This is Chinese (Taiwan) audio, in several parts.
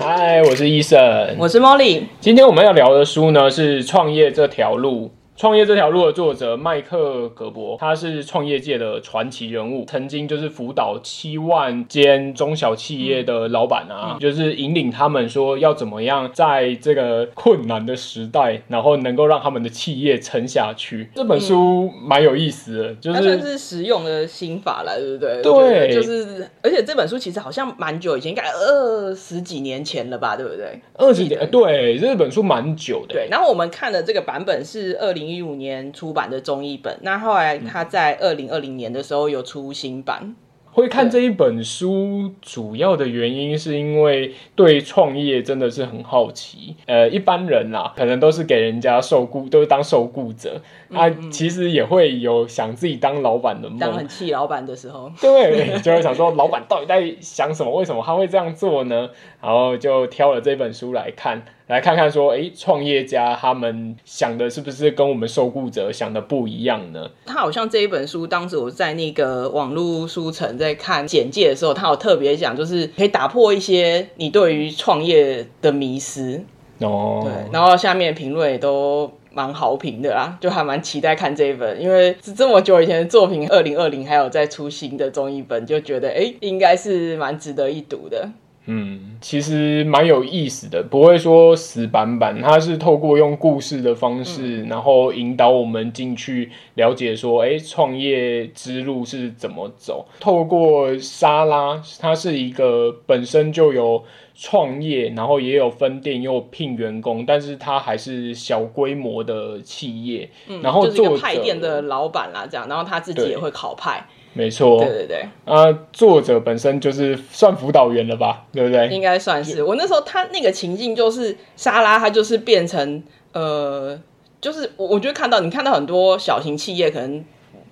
嗨，我是 Eason，我是 Molly。今天我們要聊的書呢，是《創業這條路》。創業這條路的作者麥克‧葛伯，他是創業界的傳奇人物，曾經就是輔導七萬間中小企業的老板啊、嗯，就是引領他們說要怎麼樣在這個困難的時代，然後能夠讓他們的企業撐下去。這本書、嗯、蠻有意思的，就是他算是實用的心法了，對不對？對，就是而且這本書其實好像蠻久以前，應該二十幾年前了吧，對不對？二十幾年，對，這本書蠻久的。對，然後我們看的這個版本是二零。一五年出版的中譯本，那後來他在二零二零年的時候有出新版、嗯。會看這一本書主要的原因是因為對創業真的是很好奇。呃，一般人啊可能都是給人家受雇，都、就是當受雇者。他、啊、其實也會有想自己當老闆的夢，當很氣老闆的時候， 對，就會想說老闆到底在想什麼？為什麼他會這樣做呢？然後就挑了這本書來看，來看看說，哎、欸，創業家他們想的是不是跟我們受雇者想的不一樣呢？他好像這一本書，當時我在那個網絡書城在看簡介的時候，他有特別講，就是可以打破一些你對於創業的迷思。哦。對，然後下面評論也都。蠻好評的啦、啊，就還蠻期待看這一本，因為是這麼久以前的作品，二零二零還有再出新的中譯本，就覺得哎、欸，應該是蠻值得一讀的。嗯，其實蠻有意思的，不會說死板板，它是透過用故事的方式，嗯、然後引導我們進去了解說，哎，創業之路是怎麼走。透過莎拉，它是一個本身就有創業，然後也有分店，又聘員工，但是它還是小規模的企業。嗯、然後做、就是、派店的老闆啦、啊，這樣，然後他自己也會烤派。沒錯，對對對，啊，作者本身就是算輔導員了吧，對不對？應該算是。我那時候他那個情境就是，莎拉她就是變成，呃，就是我我覺得看到你看到很多小型企業，可能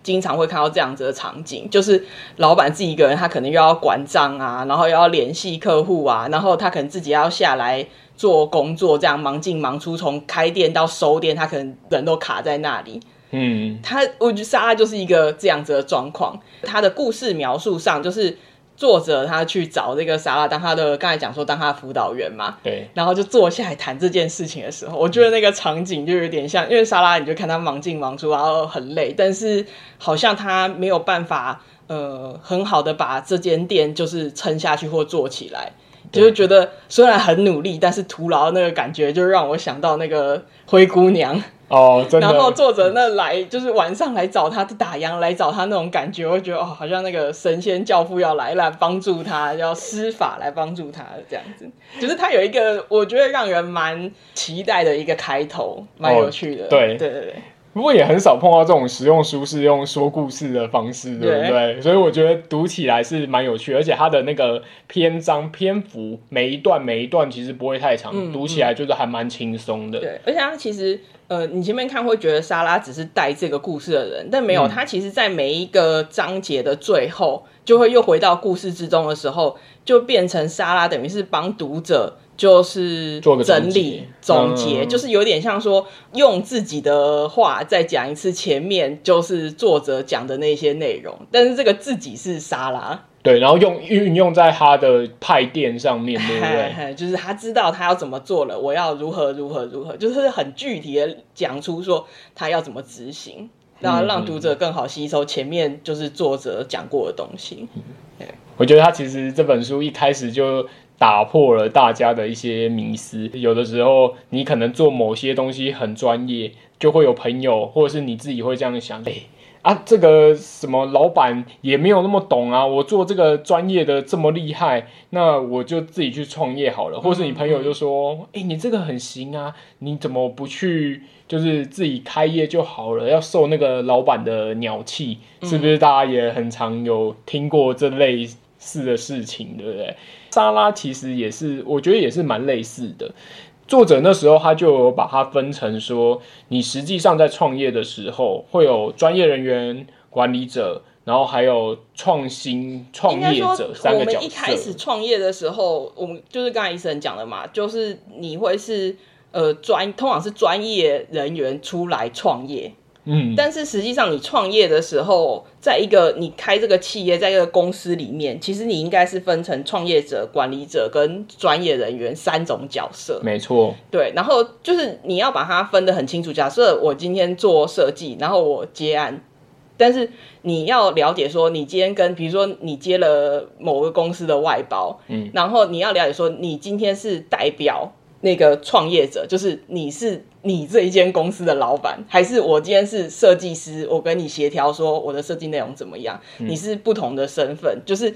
經常會看到這樣子的場景，就是老板自己一個人，他可能又要管賬啊，然後又要聯繫客戶啊，然後他可能自己要下來做工作，這樣忙進忙出，從開店到收店，他可能人都卡在那裡。嗯，他我覺得莎拉就是一個這樣子的狀況。他的故事描述上，就是作者他去找這個莎拉，當他的剛才講說當他的輔導員嘛。對。然後就坐下來談這件事情的時候，我覺得那個場景就有點像，因為莎拉你就看他忙進忙出，然後很累，但是好像他沒有辦法呃很好的把這間店就是撐下去或做起來，就是覺得雖然很努力，但是徒勞那個感覺，就讓我想到那個灰姑娘。哦、oh,，真的。然後作者那來就是晚上來找他打烊，來找他那種感覺，我覺得哦，好像那個神仙教父要來了，幫助他，要施法來幫助他這樣子。就是他有一個我覺得讓人蠻期待的一個開頭，蠻有趣的。Oh, 對，對對對，不過也很少碰到這種實用書是用說故事的方式，對不對，對？所以我覺得讀起來是蠻有趣，而且他的那個篇章篇幅，每一段每一段其實不會太長，嗯嗯讀起來就是還蠻輕鬆的。對，而且他其實。呃，你前面看會覺得莎拉只是帶這個故事的人，但沒有他，嗯、其實在每一個章節的最後，就會又回到故事之中的時候，就變成莎拉，等於是幫讀者就是整理總結，結、嗯，就是有點像說用自己的話再講一次前面就是作者講的那些內容，但是這個自己是莎拉。對，然後用運用在他的派店上面，對不對？ 就是他知道他要怎麼做了，我要如何如何如何，就是很具體的講出說他要怎麼執行，然後讓讀者更好吸收前面就是作者講過的東西 。我覺得他其實這本書一開始就打破了大家的一些迷思，有的時候你可能做某些東西很專業，就會有朋友或者是你自己會這樣想。誒啊，這個什麼老闆也沒有那麼懂啊！我做這個專業的這麼厲害，那我就自己去創業好了。或是你朋友就說：“哎、嗯嗯欸，你這個很行啊，你怎麼不去就是自己開業就好了？要受那個老闆的鳥氣。”是不是大家也很常有聽過這類似的事情，對不對？嗯、莎拉其實也是，我覺得也是蠻類似的。作者那時候，他就有把它分成說：你實際上在創業的時候，會有專業人員、管理者，然後還有創新創業者三個角色。我們一開始創業的時候，我們就是剛才醫生講的嘛，就是你會是呃專，通常是專業人員出來創業。嗯，但是實際上，你創業的時候，在一個你開這個企業，在一個公司裡面，其實你應該是分成創業者、管理者跟專業人員三種角色。沒錯，對。然後就是你要把它分得很清楚。假設我今天做設計，然後我接案，但是你要了解說，你今天跟比如說你接了某個公司的外包，嗯，然後你要了解說，你今天是代表。那個創業者，就是你是你這一間公司的老闆，還是我今天是設計師？我跟你協調說我的設計內容怎麼樣，嗯？你是不同的身份，就是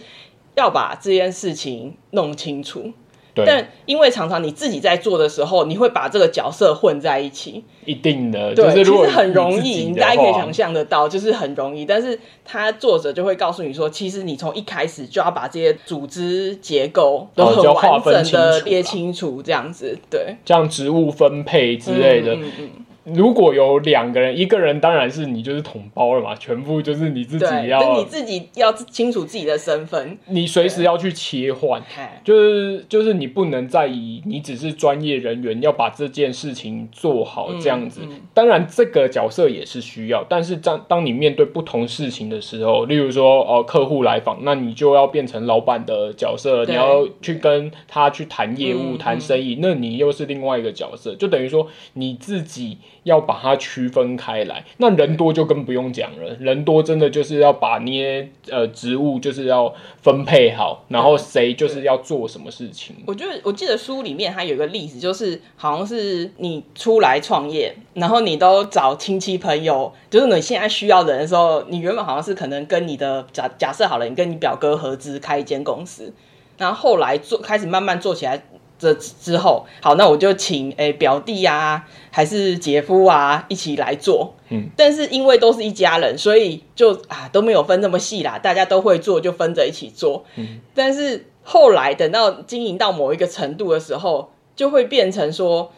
要把這件事情弄清楚。對，但因為常常你自己在做的時候，你會把這個角色混在一起，一定的對，其實很容易，大家可以想象得到，就是很容易。但是他作者就會告訴你說，其實你從一開始就要把這些組織結構都很完整的列，哦、清楚，清楚這樣子，對，這樣職務分配之類的。嗯嗯嗯，如果有兩個人，一個人當然是你，就是統包了嘛，全部就是你自己要，你自己要清楚自己的身份，你隨時要去切換，就是就是你不能再以你只是專業人員，要把這件事情做好這樣子，嗯嗯，當然這個角色也是需要，但是當當你面對不同事情的時候，例如說哦、呃、客戶來訪，那你就要變成老闆的角色，你要去跟他去談業務，談、嗯、生意，嗯，那你又是另外一個角色，就等於說你自己。要把它區分開來，那人多就更不用講了。人多真的就是要把捏呃職務，就是要分配好，然後誰就是要做什麼事情。我覺得我記得書裡面還有一個例子，就是好像是你出來創業，然後你都找親戚朋友，就是你現在需要人的時候，你原本好像是可能跟你的假假設好了，你跟你表哥合資開一間公司，然後後來做開始慢慢做起來。這之後，好，那我就請誒、欸、表弟呀、啊，還是姐夫啊，一起來做。嗯，但是因為都是一家人，所以就啊都沒有分那麼細啦，大家都會做，就分着一起做。嗯，但是後來等到經營到某一個程度的時候，就會變成說，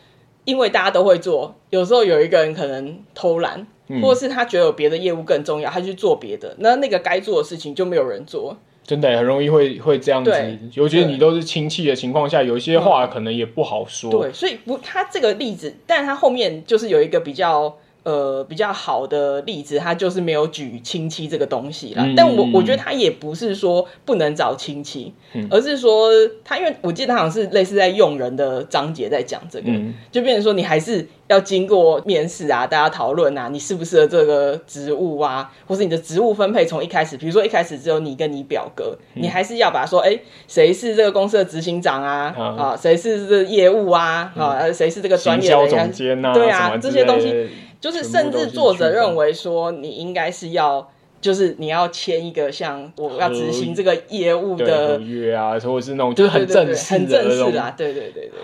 因為大家都會做，有時候有一個人可能偷懶，嗯、或是他覺得有別的業務更重要，他去做別的，那那個該做的事情就沒有人做。真的很容易會會這樣子，尤其是你都是親戚的情況下，有一些話可能也不好說。對，所以不，他這個例子，但是他後面就是有一個比較。呃，比較好的例子，他就是沒有舉親戚這個東西啦、嗯。但我我覺得他也不是說不能找親戚、嗯，而是說他，因為我記得他好像是類似在用人的章節在講這個、嗯，就變成說你還是要經過面試啊，大家討論啊，你適不適合這個職務啊，或是你的職務分配從一開始，比如說一開始只有你跟你表哥、嗯，你還是要把說，哎、欸，誰是這個公司的執行長啊啊，誰是這個業務啊啊，誰、啊、是這個專業總監啊，對啊，這些東西。就是，甚至作者認為說，你應該是要，就是你要簽一個像我要執行這個業務的合合約啊，或者是那種就是很正式對對對、很正式啊對對對對。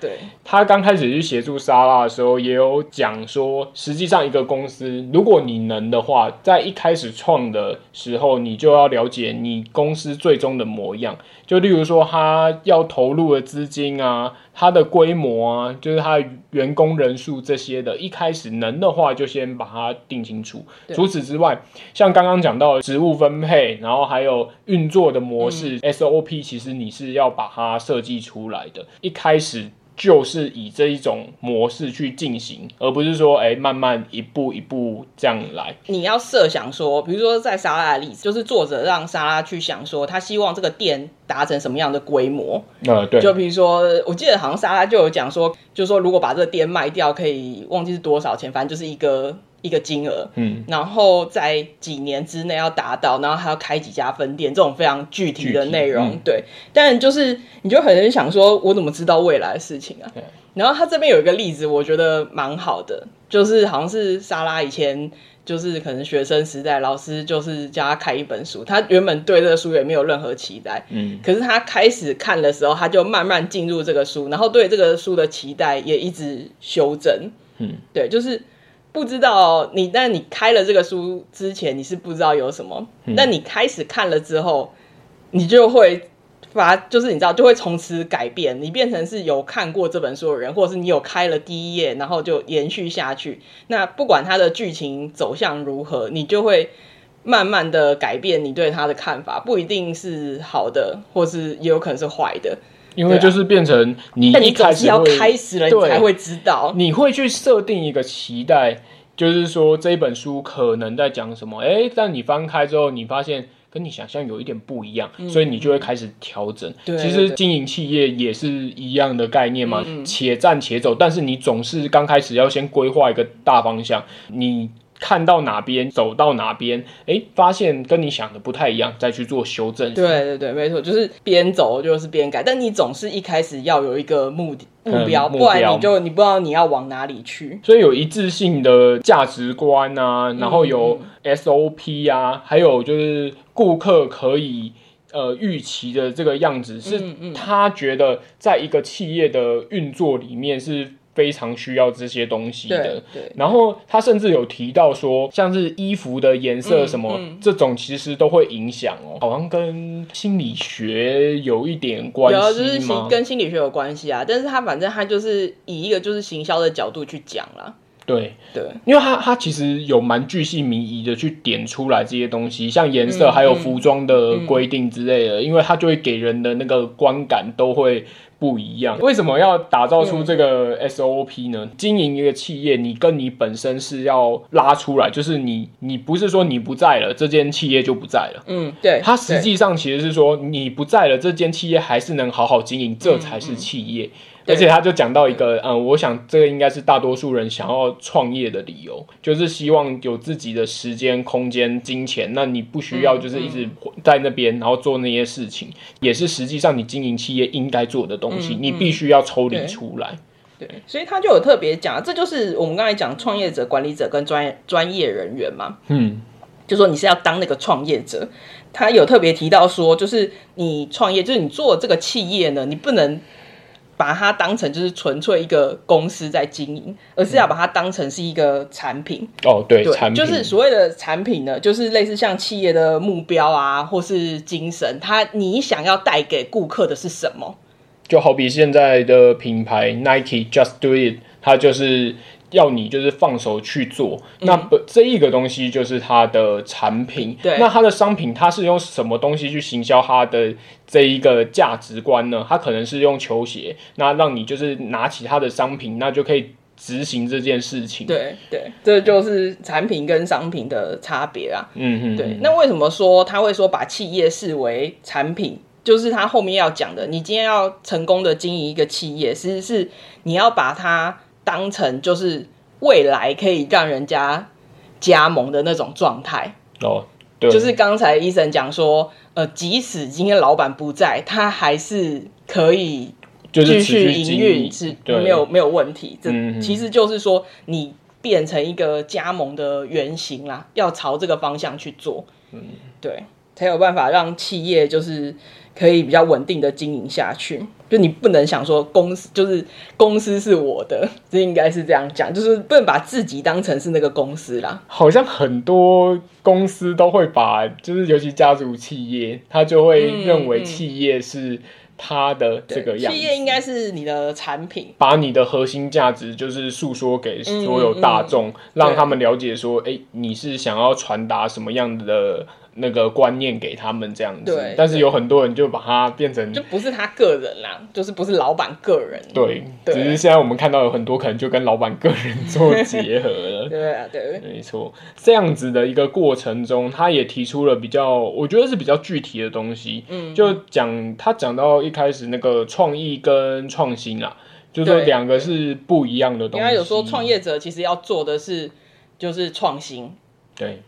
對。他剛開始去協助莎拉的時候，也有講說，實際上一個公司，如果你能的話，在一開始創的時候，你就要了解你公司最終的模樣。就例如說，他要投入的資金啊。它的規模啊，就是它的員工人數這些的，一開始能的話就先把它定清楚。除此之外，像剛剛講到的職務分配，然後還有運作的模式、嗯、SOP，其實你是要把它設計出來的。一開始。就是以這一種模式去進行，而不是說哎、欸，慢慢一步一步這樣來。你要設想說，比如說在莎拉的例子，就是作者讓莎拉去想說，他希望這個店達成什麼樣的規模？呃、嗯，對。就比如說，我記得好像莎拉就有講說，就說如果把這個店賣掉，可以忘記是多少錢，反正就是一個。一個金額，嗯，然後在幾年之內要達到，然後還要開幾家分店，這種非常具體的內容，嗯、對。但就是你就很能想說，我怎麼知道未來的事情啊？嗯、然後他這邊有一個例子，我覺得蠻好的，就是好像是莎拉以前就是可能學生時代，老師就是叫他開一本書，他原本對這個書也沒有任何期待，嗯。可是他開始看的時候，他就慢慢進入這個書，然後對這個書的期待也一直修正，嗯，對，就是。不知道你，那你開了這個書之前，你是不知道有什麼。那、嗯、你開始看了之後，你就會發，就是你知道，就會從此改變，你變成是有看過這本書的人，或者是你有開了第一頁，然後就延續下去。那不管它的劇情走向如何，你就會慢慢的改變你對他的看法，不一定是好的，或是也有可能是壞的。因為就是變成你一開始要開始了，你才會知道，你會去設定一個期待，就是說，這本書可能在講什麼，欸。但你翻開之後，你發現跟你想象有一點不一樣，所以你就會開始調整。其實經營企業也是一樣的概念嘛，且戰且走。但是你總是剛開始要先規劃一個大方向，你。看到哪邊，走到哪邊，哎、欸，發現跟你想的不太一樣，再去做修正。對對對，沒錯，就是邊走就是邊改，但你總是一開始要有一個目的、目標、嗯、目標，不然你就你不知道你要往哪裡去。所以有一致性的價值觀啊，然後有 SOP 啊，嗯嗯，還有就是顧客可以呃預期的這個樣子，是他覺得在一個企業的運作裡面是。非常需要這些東西的對對，然後他甚至有提到說，像是衣服的顏色什麼、嗯嗯、這種，其實都會影響哦，好像跟心理學有一點關係嗎？有就是跟心理學有關係啊，但是他反正他就是以一個就是行銷的角度去講啦。對對，因為他他其實有蠻鉅細靡遺的去點出來這些東西，像顏色還有服裝的規定之類的，嗯嗯、因為他就會給人的那個觀感都會。不一樣。為什麼要打造出這個 SOP 呢？嗯、經營一個企業，你跟你本身是要拉出來，就是你，你不是說你不在了，這間企業就不在了。嗯，對。對。它實際上其實是說，你不在了，這間企業還是能好好經營，這才是企業。嗯，嗯。而且他就講到一個嗯，嗯，我想這個應該是大多數人想要創業的理由，就是希望有自己的時間、空間、金錢。那你不需要就是一直在那邊，嗯、然後做那些事情、嗯，也是實際上你經營企業應該做的東西。嗯、你必須要抽離出來對。對，所以他就有特別講，這就是我們剛才講創業者、管理者跟專業專業人員嘛。嗯，就說你是要當那個創業者，他有特別提到說，就是你創業，就是你做這個企業呢，你不能。把它當成就是純粹一個公司在經營，而是要把它當成是一個產品、嗯、哦對，對，產品就是所謂的產品呢，就是類似像企業的目標啊，或是精神，它你想要帶給顧客的是什麼？就好比現在的品牌 Nike，Just、嗯、Do It，它就是。要你就是放手去做，那不、嗯、這一個東西就是他的產品。對，那他的商品，它是用什麼東西去行銷它的這一個價值觀呢？它可能是用球鞋，那讓你就是拿起他的商品，那就可以執行這件事情。對，對，這就是產品跟商品的差別啊。嗯嗯，對。那為什麼說他會說把企業視為產品？就是他後面要講的，你今天要成功的經營一個企業，其實是你要把它。當成就是未來可以讓人家加盟的那種狀態哦，對，就是剛才醫生講說，呃，即使今天老闆不在，他還是可以繼續營運，就是，是沒有沒有問題。這其實就是說，你變成一個加盟的原型啦，嗯，要朝這個方向去做，嗯，對，才有辦法讓企業就是可以比較穩定的經營下去。就你不能想說，公司就是公司是我的，這應該是這樣講，就是不能把自己當成是那個公司啦。好像很多公司都會把，就是尤其家族企業，他就會認為企業是他的這個樣子、嗯嗯。企業應該是你的產品，把你的核心價值就是訴說給所有大眾、嗯嗯，讓他們了解說，哎、欸，你是想要傳達什麼樣的那個觀念給他們這樣子，但是有很多人就把它變成就不是他個人啦、啊，就是不是老闆個人、啊對。對，只是現在我們看到有很多可能就跟老闆個人做結合了。 對啊，對，沒錯。這樣子的一個過程中，他也提出了比較，我覺得是比較具體的東西。嗯，就講他講到一開始那個創意跟創新啊，就是兩個是不一樣的東西。有說創業者其實要做的是，就是創新。對，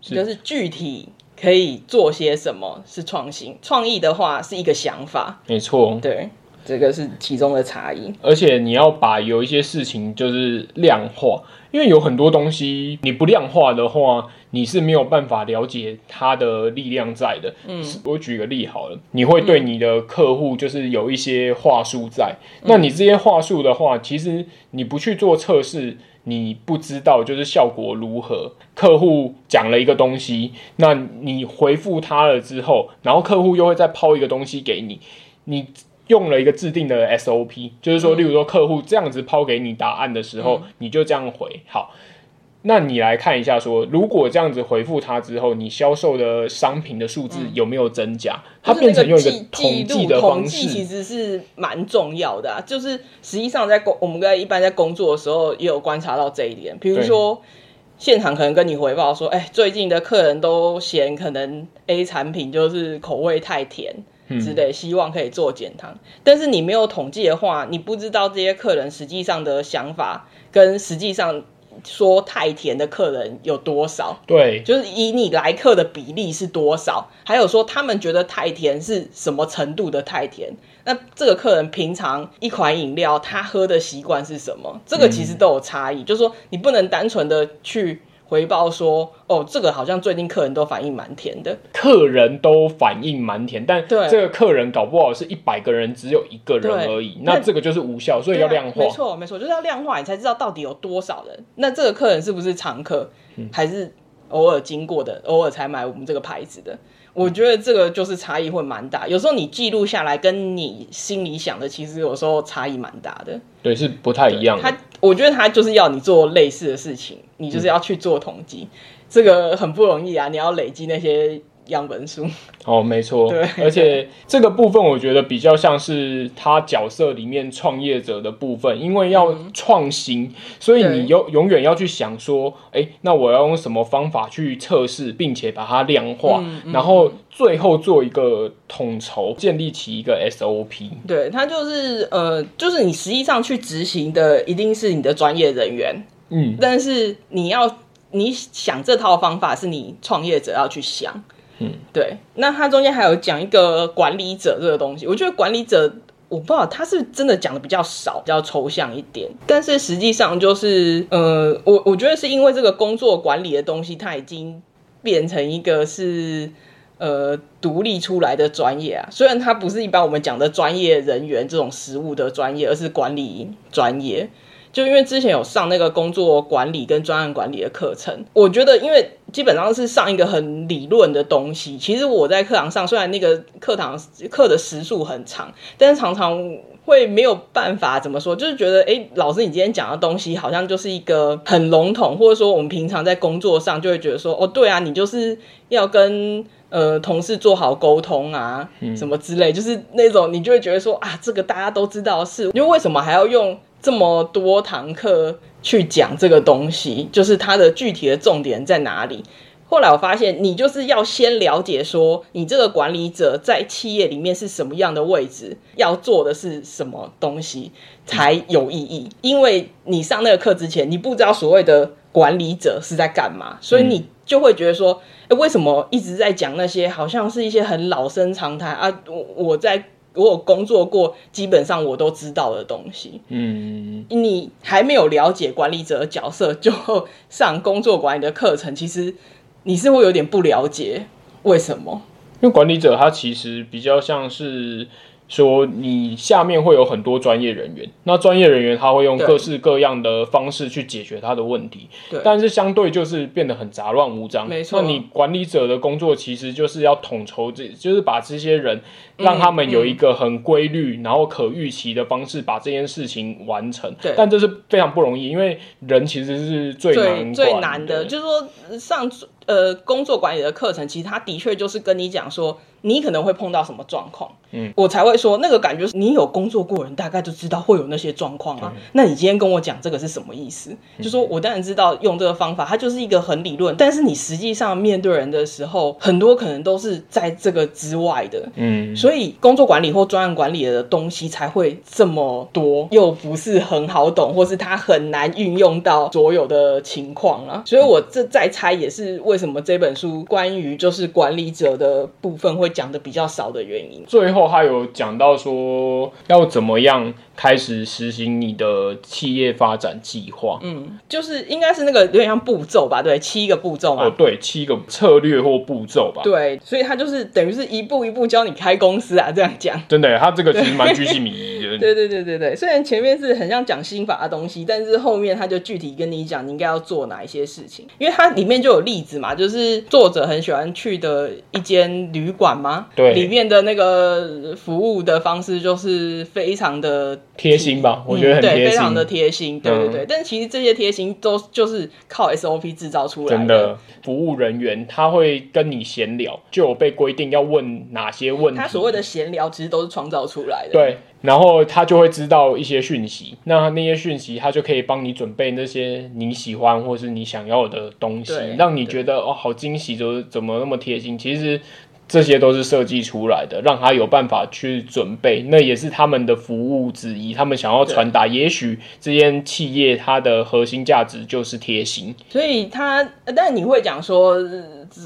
是就是具體。可以做些什麼是創新創意的話是一個想法，沒錯，對，這個是其中的差異。而且你要把有一些事情就是量化，因為有很多東西你不量化的話，你是沒有辦法了解它的力量在的。嗯，我舉個例好了，你會對你的客戶就是有一些話術在，嗯，那你這些話術的話，其實你不去做測試。你不知道就是效果如何，客戶講了一個東西，那你回覆他了之後，然後客戶又會再拋一個東西給你，你用了一個制定的 SOP，就是說，例如說客戶這樣子拋給你答案的時候，嗯，你就這樣回好。那你來看一下說，說如果這樣子回覆他之後，你銷售的商品的數字有沒有增加？嗯，就是、它變成用一個統計的統計其實是蠻重要的啊。就是實際上在工，我們在一般在工作的時候也有觀察到這一點。比如說，現場可能跟你回報說，哎，最近的客人都嫌可能 A 產品就是口味太甜是的、嗯，希望可以做減糖。但是你沒有統計的話，你不知道這些客人實際上的想法跟實際上。說太甜的客人有多少？對，就是以你來客的比例是多少？還有說他們覺得太甜是什麼程度的太甜？那這個客人平常一款飲料他喝的習慣是什麼？這個其實都有差異，嗯、就是說你不能單純的去。回報說：“哦，這個好像最近客人都反應蠻甜的，客人都反應蠻甜，但這個客人搞不好是一百個人只有一個人而已那，那這個就是無效，所以要量化、對啊。沒錯，沒錯，就是要量化，你才知道到底有多少人。那這個客人是不是常客，嗯、還是偶爾經過的，偶爾才買我們這個牌子的？”我覺得這個就是差異會蠻大，有時候你記錄下來跟你心裡想的，其實有時候差異蠻大的。對，是不太一樣的。他，我覺得他就是要你做類似的事情，你就是要去做統計，嗯，這個很不容易啊！你要累積那些。樣本書哦，沒錯，對，而且這個部分我覺得比較像是他角色裡面創業者的部分，因為要創新、嗯，所以你永永遠要去想說，哎、欸，那我要用什麼方法去測試，並且把它量化、嗯，然後最後做一個統籌，建立起一個 SOP。對，它就是呃，就是你實際上去執行的一定是你的專業人員，嗯，但是你要你想這套方法是你創業者要去想。嗯，對，那它中間還有講一個管理者這個東西，我覺得管理者，我不知道他是真的講得比較少，比較抽象一點，但是實際上就是，呃，我我覺得是因為這個工作管理的東西，它已經變成一個是呃獨立出來的專業啊，雖然它不是一般我們講的專業人員這種實務的專業，而是管理專業。就因為之前有上那個工作管理跟專案管理的課程，我覺得因為基本上是上一個很理論的東西。其實我在課堂上，雖然那個課堂課的時數很長，但是常常會沒有辦法怎麼說，就是覺得哎、欸，老師你今天講的東西好像就是一個很籠統，或者說我們平常在工作上就會覺得說，哦對啊，你就是要跟呃同事做好溝通啊、嗯，什麼之類，就是那種你就會覺得說啊，這個大家都知道是，因為為什麼還要用？這麼多堂課去講這個東西，就是它的具體的重點在哪裡？後來我發現，你就是要先了解說，你這個管理者在企業裡面是什麼樣的位置，要做的是什麼東西才有意義。因為你上那個課之前，你不知道所謂的管理者是在幹嘛，所以你就會覺得說，嗯、誒，為什麼一直在講那些好像是一些很老生常談啊？我我在。我有工作過，基本上我都知道的東西。嗯，你還沒有了解管理者的角色就上工作管理的課程，其實你是會有點不了解。為什麼？因為管理者他其實比較像是說，你下面會有很多專業人員，那專業人員他會用各式各樣的方式去解決他的問題，對。但是相對就是變得很雜亂無章。沒錯哦，那你管理者的工作其實就是要統籌，這就是把這些人。讓他們有一個很規律，嗯嗯，然後可預期的方式把這件事情完成。對，但這是非常不容易，因為人其實是最難最難的。就是說上，上呃工作管理的課程，其實他的確就是跟你講說，你可能會碰到什麼狀況，嗯，我才會說那個感覺是，你有工作過人，大概就知道會有那些狀況啊，嗯。那你今天跟我講這個是什麼意思？嗯、就是，說我當然知道用這個方法，它就是一個很理論，但是你實際上面對人的時候，很多可能都是在這個之外的，嗯。所以所以，工作管理或專案管理的東西才會這麼多，又不是很好懂，或是它很難運用到所有的情況啊。所以，我這再猜也是為什麼這本書關於就是管理者的部分會講的比較少的原因。最後，他有講到說要怎麼樣。開始實行你的企業發展計劃，嗯，就是應該是那個有點像步驟吧，對，七個步驟嘛。哦，對，七個策略或步驟吧，對，所以他就是等於是一步一步教你開公司啊，這樣講，真的，他這個其實蠻巨細靡遺的， 對，對對對對對，雖然前面是很像講心法的東西，但是後面他就具體跟你講你應該要做哪一些事情，因為它裡面就有例子嘛，就是作者很喜歡去的一間旅館嘛，對，裡面的那個服務的方式就是非常的。貼心吧、嗯，我覺得很貼心，對，非常的貼心，對對對。嗯、但其實這些貼心都就是靠 SOP 製造出來的。真的，服務人員他會跟你閒聊，就有被規定要問哪些問題。嗯、他所謂的閒聊其實都是創造出來的。對，然後他就會知道一些訊息，那那些訊息他就可以幫你準備那些你喜歡或是你想要的東西，讓你覺得哦好驚喜，就是怎麼那麼貼心。其實。這些都是設計出來的，讓他有辦法去準備，那也是他們的服務之一。他們想要傳達，也許這間企業它的核心價值就是貼心。所以他，但你會講說，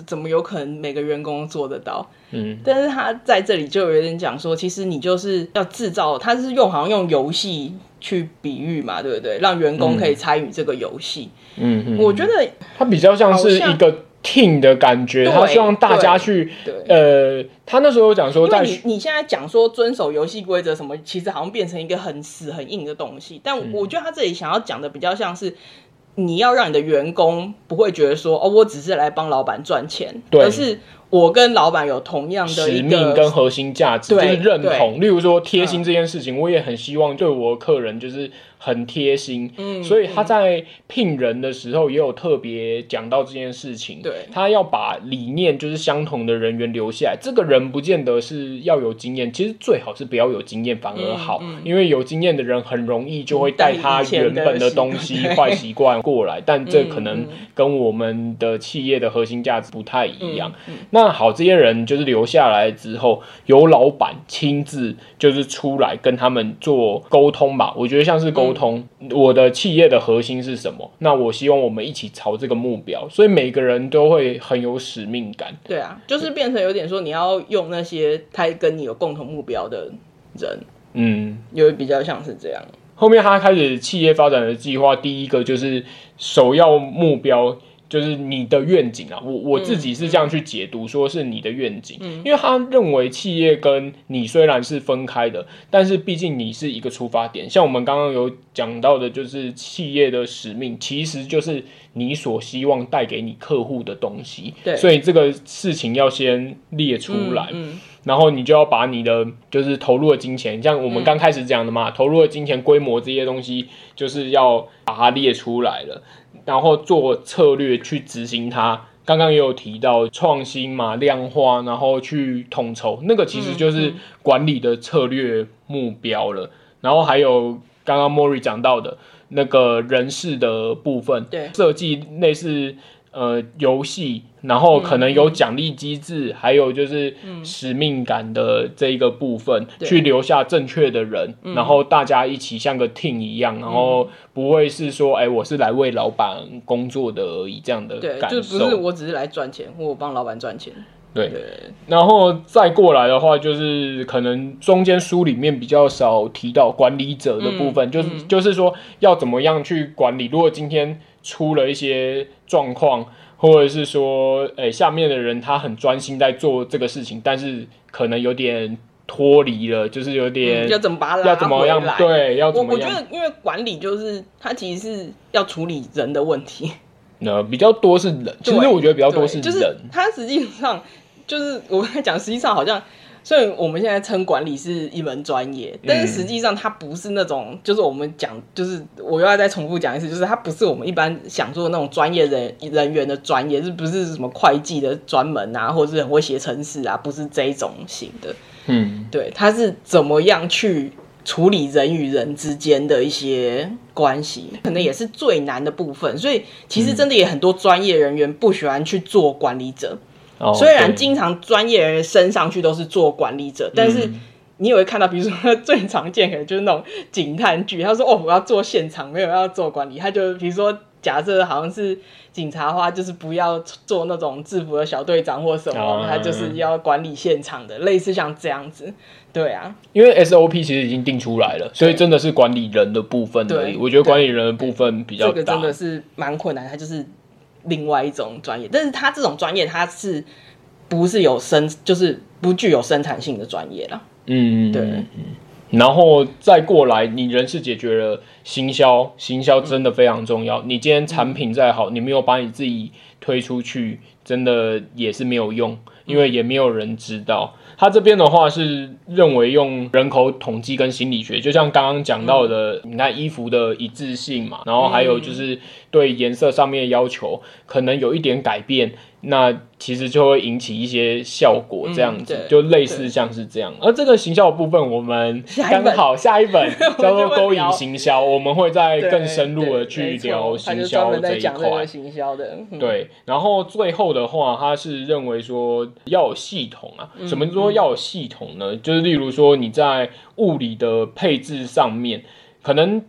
怎麼有可能每個員工做得到？嗯，但是他在這裡就有點講說，其實你就是要制造，他是用好像用遊戲去比喻嘛，對不對？讓員工可以參與這個遊戲。嗯嗯，我覺得他比較像是一個。King 的感覺，他希望大家去，呃，他那時候有講說，你你現在講說遵守遊戲規則什麼，其實好像變成一個很死很硬的東西。但我覺得他這裡想要講的比較像是、嗯，你要讓你的員工不會覺得說，哦，我只是來幫老板賺錢，但是我跟老板有同樣的使命跟核心價值，就是認同。例如說，貼心這件事情、嗯，我也很希望對我的客人就是。很貼心，所以他在聘人的時候也有特別講到這件事情。對、嗯嗯，他要把理念就是相同的人員留下來。這個人不見得是要有經驗，其實最好是不要有經驗反而好、嗯嗯，因為有經驗的人很容易就會帶他原本的東西、壞習慣過來。但這可能跟我們的企業的核心價值不太一樣、嗯嗯。那好，這些人就是留下來之後，由老闆親自就是出來跟他們做溝通吧。我覺得像是溝。嗯不、嗯、同，我的企業的核心是什麼？那我希望我們一起朝這個目標，所以每個人都會很有使命感。對啊，就是變成有點說你要用那些他跟你有共同目標的人，嗯，因為比較像是這樣。後面他開始企業發展的計劃，第一個就是首要目標。就是你的願景啊，我、嗯、我自己是這樣去解讀，嗯、說是你的願景、嗯，因為他認為企業跟你雖然是分開的，但是畢竟你是一個出發點。像我們剛剛有講到的，就是企業的使命，其實就是你所希望帶給你客戶的東西。對、嗯，所以這個事情要先列出來，嗯嗯、然後你就要把你的就是投入的金錢，像我們剛開始講的嘛、嗯，投入的金錢、規模這些東西，就是要把它列出來了。然後做策略去執行它，剛剛也有提到創新嘛，量化，然後去統籌，那個其實就是管理的策略目標了。嗯嗯、然後還有剛剛莫瑞講到的那個人事的部分，對，設計類似呃遊戲。然後可能有獎勵機制，嗯，還有就是使命感的這一個部分，嗯，去留下正確的人，然後大家一起像個 team 一樣，嗯，然後不會是說，哎，我是來為老闆工作的而已這樣的感受。就不是，我只是來賺錢，或我幫老闆賺錢。對。對，然後，再過來的話，就是可能中間書裡面比較少提到管理者的部分，嗯，就是，嗯，就是說要怎麼樣去管理。如果今天出了一些狀況。或者是說，誒、欸，下面的人他很專心在做這個事情，但是可能有點脫離了，就是有點、嗯、要怎麼把，要怎麼樣？對，要怎麼樣？我我覺得，因為管理就是他其實是要處理人的問題，那、呃、比較多是人。其實我覺得比較多是人，就是他實際上就是我跟他講，實際上好像。所以我們現在稱管理是一門專業，嗯，但是實際上它不是那種，就是我們講，就是我又要再重複講一次，就是它不是我們一般想做的那種專業人人員的專業，是不是什麼會計的專門啊，或者是很會寫程式啊，不是這一種型的。嗯，對，它是怎麼樣去處理人與人之間的一些關係，可能也是最難的部分。所以其實真的也很多專業人員不喜歡去做管理者。雖然經常專業人員升上去都是做管理者，嗯，但是你有沒有看到，比如說最常見的就是那種警探劇。他說：“哦，我要做現場，沒有要做管理。”他就比如說，假設好像是警察的話，就是不要做那種制服的小隊長或什麼，嗯，他就是要管理現場的，類似像這樣子。對啊，因為 SOP 其實已經定出來了，所以真的是管理人的部分而已。對，對，我覺得管理人的部分比較大，這個真的是蠻困難。他就是。另外一種專業，但是他這種專業，他是不是有生就是不具有生產性的專業啦。嗯，對。然後再過來，你人事解決了，行銷，行銷真的非常重要。嗯，你今天產品再好，嗯，你沒有把你自己推出去，真的也是沒有用，因為也沒有人知道。嗯他這邊的話是認為用人口統計跟心理學，就像剛剛講到的，嗯、你看衣服的一致性嘛，然後還有就是對顏色上面的要求可能有一點改變。那其實就會引起一些效果，這樣子就類似像是這樣。而這個行銷的部分，我們剛好下一本叫做《勾引行銷》，我們會再更深入的去聊行銷這一塊。這個對，然後最後的話，他是認為說要有系統啊。什麼說要有系統呢？就是例如說你在物理的配置上面，可能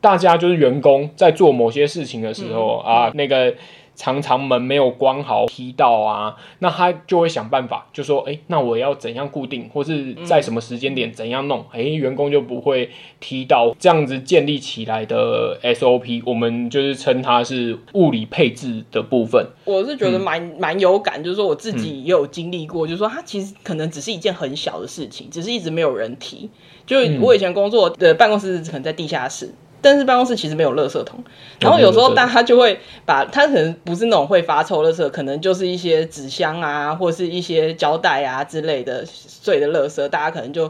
大家就是員工在做某些事情的時候啊，那個。常常門沒有關好踢到啊，那他就會想辦法，就說，哎、欸，那我要怎樣固定，或是在什麼時間點怎樣弄，哎、欸，員工就不會踢到。這樣子建立起來的 SOP，我們就是稱它是物理配置的部分。我是覺得蠻蠻、嗯、有感，就是說我自己也有經歷過、嗯，就是說它其實可能只是一件很小的事情，只是一直沒有人提。就我以前工作的辦公室是可能在地下室。但是辦公室其實沒有垃圾桶，然後有時候大家就會把 它可能不是那種會發臭的垃圾，可能就是一些紙箱啊，或者是一些膠帶啊之類的碎的垃圾，大家可能就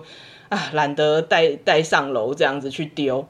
啊懶得帶帶上樓這樣子去丟。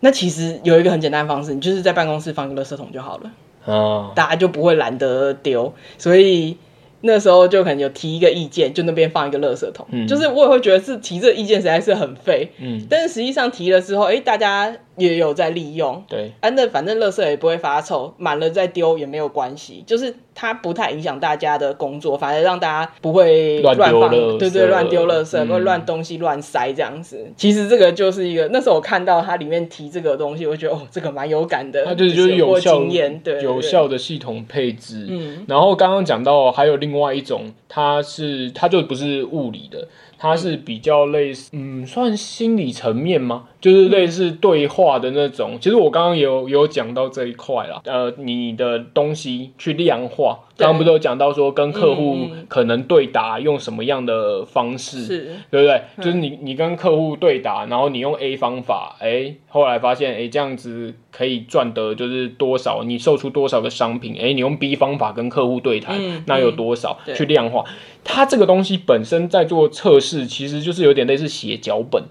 那其實有一個很簡單的方式，你就是在辦公室放一個垃圾桶就好了、哦，大家就不會懶得丟。所以那時候就可能有提一個意見，就那邊放一個垃圾桶、嗯。就是我也會覺得是提這個意見實在是很廢，嗯，但是實際上提了之後，哎、欸，大家。也有在利用，對，啊、那反正反正，垃圾也不會發臭，滿了再丟也沒有關係，就是它不太影響大家的工作，反正讓大家不會亂放，對對，亂丟垃圾、嗯，會亂東西亂塞這樣子。其實這個就是一個，那時候我看到它裡面提這個東西，我覺得哦，這個蠻有感的，它就是有是有效，對，對，對，有效的系統配置。嗯，然後剛剛講到還有另外一種，它是它就不是物理的。它是比較類似，嗯，嗯，算心理層面嗎？就是類似對話的那種。嗯、其實我剛剛有有講到這一塊了，呃，你的東西去量化，剛剛不是有講到說跟客戶可能對答用什麼樣的方式，嗯、對不對？嗯、就是你你跟客戶對答，然後你用 A 方法，哎、欸，後來發現，哎、欸，這樣子可以賺得就是多少，你售出多少個商品，哎、欸，你用 B 方法跟客戶對談、嗯，那有多少、嗯、去量化？它這個東西本身在做測試。是，其實就是有點類似寫腳本。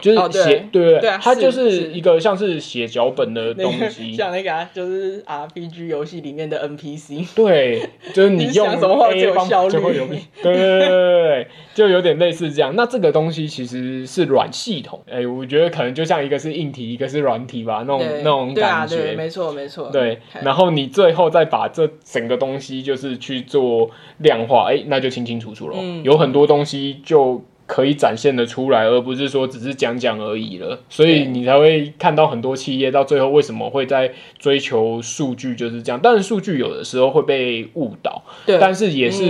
就是寫、哦，對對對，對、啊，它就是一個像是寫腳本的東西，那個、像那個、啊、就是 R P G 遊戲裡面的 N P C，對，就是你用什麼話最有效率 對，對，對，對，對就有點類似這樣。那這個東西其實是軟系統，哎，我覺得可能就像一個是硬體，一個是軟體吧，那種對，那種感覺，啊、沒錯沒錯，對。然後你最後再把這整個東西就是去做量化，哎，那就清清楚楚了、嗯，有很多東西就。可以展現的出來，而不是說只是講講而已了，所以你才會看到很多企業到最後為什麼會在追求數據，就是這樣。但是數據有的時候會被誤導，但是也是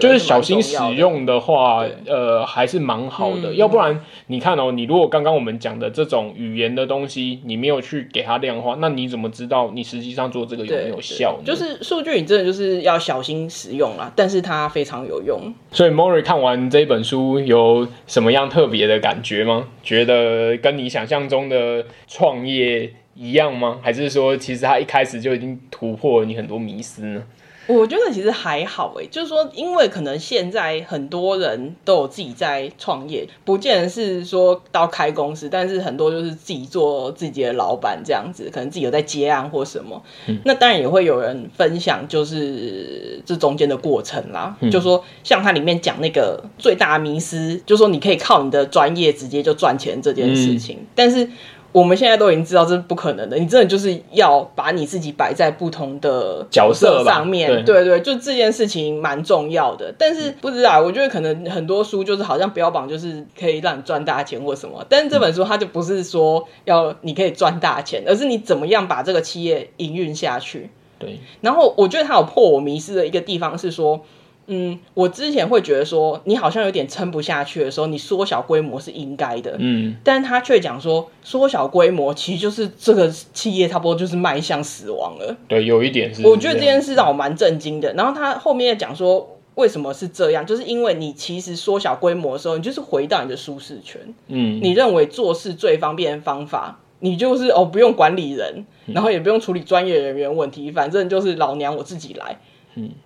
就是小心使用的話，呃，還是蠻好的。要不然你看哦、喔，你如果剛剛我們講的這種語言的東西，你沒有去給它量化，那你怎麼知道你實際上做這個有沒有效？就是數據，你真的就是要小心使用啊，但是它非常有用。所以 Mori 看完這本書。有什麼樣特別的感覺嗎？覺得跟你想象中的創業一樣嗎？還是說，其實他一開始就已經突破了你很多迷思呢？我覺得其實還好哎、欸，就是說，因為可能現在很多人都有自己在創業，不見得是說到開公司，但是很多就是自己做自己的老板這樣子，可能自己有在接案或什麼。嗯、那當然也會有人分享，就是這中間的過程啦。嗯、就是說像他裡面講那個最大迷思，就說你可以靠你的專業直接就賺錢這件事情，嗯、但是。我們現在都已經知道這是不可能的，你真的就是要把你自己擺在不同的角色上面，角色吧，對，對對，就這件事情蠻重要的。但是不知道、嗯，我覺得可能很多書就是好像標榜就是可以讓你賺大錢或什麼，但是這本書它就不是說要你可以賺大錢，嗯、而是你怎麼樣把這個企業營運下去。對，然後我覺得它有破我迷思的一個地方是說。嗯，我之前會覺得說你好像有點撐不下去的時候，你縮小規模是應該的。嗯，但他却講說，縮小規模其實就是這個企業差不多就是邁向死亡了。對，有一點是。我覺得這件事讓我蠻震驚的。然後他後面也講說，為什麼是這樣？就是因為你其實縮小規模的時候，你就是回到你的舒適圈。嗯，你認為做事最方便的方法，你就是哦，不用管理人，然後也不用處理專業人員問題，嗯，反正就是老娘我自己來。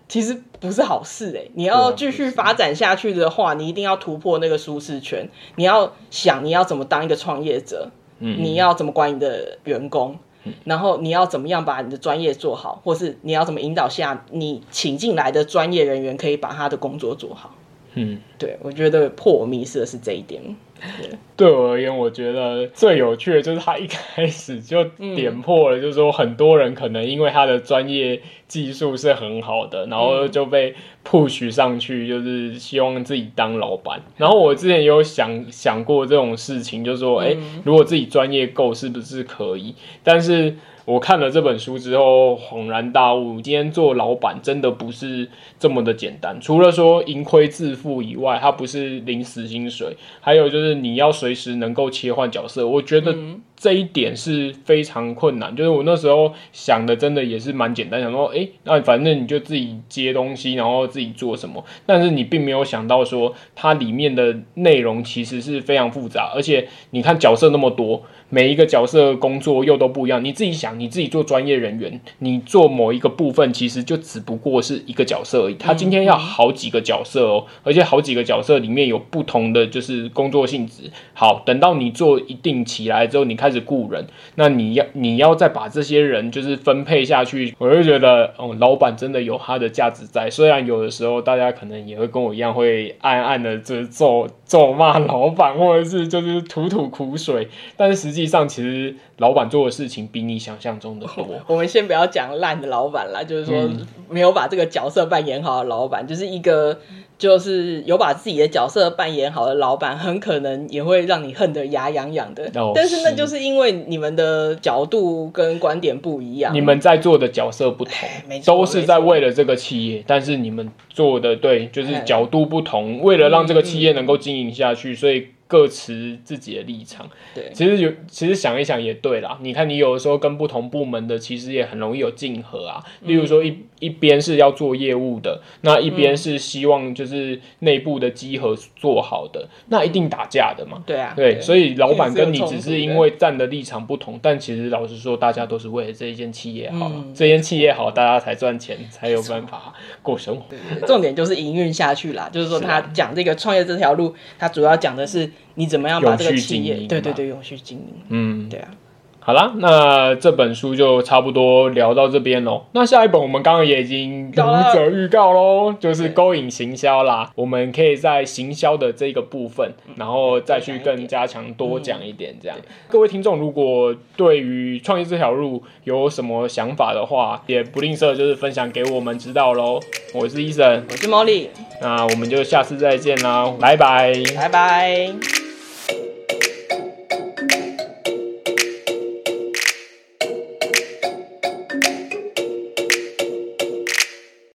其實不是好事誒，你要繼續發展下去的話、啊，你一定要突破那個舒適圈。你要想，你要怎麼當一個創業者？嗯嗯，你要怎麼管你的員工、嗯？然後你要怎麼樣把你的專業做好，或是你要怎麼引導下你請進來的專業人員可以把他的工作做好？嗯，對，我覺得破我迷思的是這一點。 對我而言，我覺得最有趣的就是他一開始就點破了，就是說很多人可能因為他的專業技術是很好的，然後就被 push 上去，就是希望自己當老闆。然後我之前也有想想過這種事情，就是說，誒、欸，如果自己專業夠，是不是可以？但是我看了這本書之後，恍然大悟，今天做老闆真的不是這麼的簡單。除了說盈虧自負以外，它不是領死薪水，還有就是。就是你要隨時能夠切換角色，我覺得。嗯。這一點是非常困難，就是我那時候想的，真的也是蠻簡單，想說誒，那反正你就自己接東西，然後自己做什麼。但是你並沒有想到說，它裡面的內容其實是非常複雜，而且你看角色那麼多，每一個角色工作又都不一樣。你自己想，你自己做專業人員，你做某一個部分，其實就只不過是一個角色而已。他今天要好幾個角色哦，而且好幾個角色裡面有不同的就是工作性質。好，等到你做一定起來之後，你看。開始雇人，那你要你要再把這些人就是分配下去，我就覺得，嗯，老板真的有他的價值在。雖然有的時候大家可能也會跟我一樣，會暗暗的就是咒咒罵老板，或者是就是吐吐苦水，但是實際上其實。老闆做的事情比你想象中的多。Oh, 我們先不要講爛的老闆啦，就是說沒有把這個角色扮演好的老闆，嗯，就是一個就是有把自己的角色扮演好的老闆，很可能也會讓你恨得牙癢癢的。但是那就是因為你們的角度跟觀點不一樣，你們在做的角色不同，沒錯，都是在為了這個企業，但是你們做的對，就是角度不同，為了讓這個企業能夠經營下去，嗯嗯，所以。各持自己的立場，對，其實有，其實想一想也對啦。你看，你有的時候跟不同部門的，其實也很容易有競合啊、嗯。例如說一。一邊是要做業務的，那一邊是希望就是內部的集合做好的、嗯，那一定打架的嘛。嗯、對啊、對，對，所以老闆跟你只是因為站的立場不同，但其實老實說，大家都是為了這一間企業好了、嗯、這間企業好，這間企業好，大家才賺錢，才有辦法過生活。重點就是營運下去啦、啊，就是說他講這個創業這條路，他主要講的是你怎麼樣把這個企業，對對對，永續經營。嗯，對啊。好啦，那這本書就差不多聊到這邊嘍。那下一本我們剛剛也已經讀者預告嘍，就是鉤引行銷啦。我們可以在行銷的這個部分，然後再去更加強多講一點這樣、嗯。各位聽眾，如果對於創業這條路有什麼想法的話，也不吝嗇，就是分享給我們知道嘍。我是 Eason，我是 Molly。那我們就下次再見啦，拜拜，拜拜。